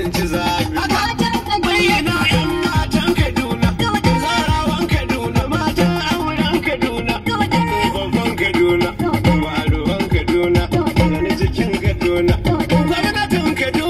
zan ci zabi. Bayyana 'yan matan Kaduna, zarawan Kaduna, matan auren Kaduna, babban Kaduna, maruwan Kaduna, wani cikin Kaduna, gwamnatin Kaduna.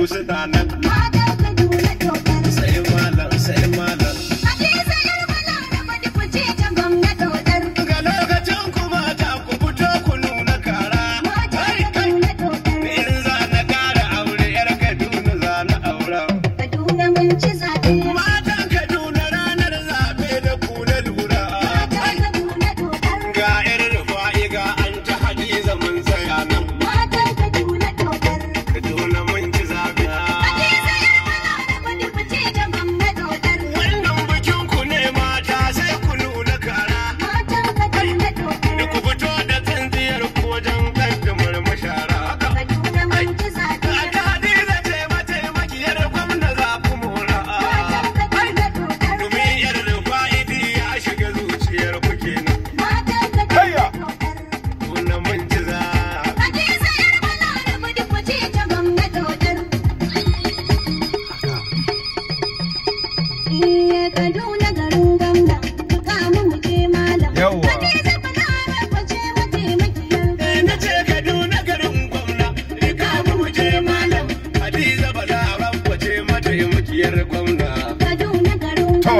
use it on it.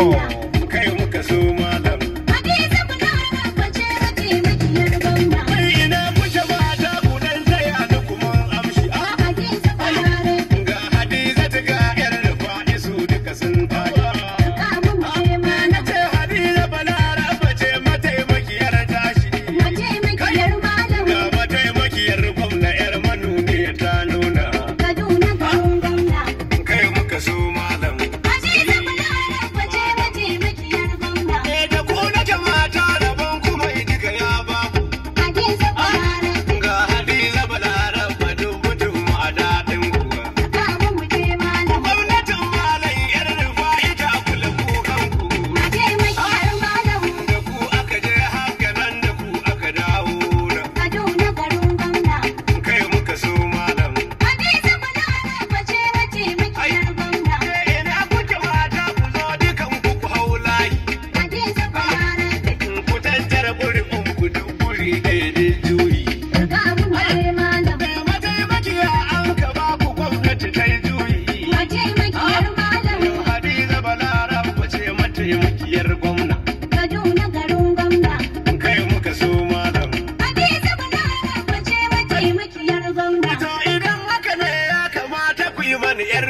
Oh. the editor.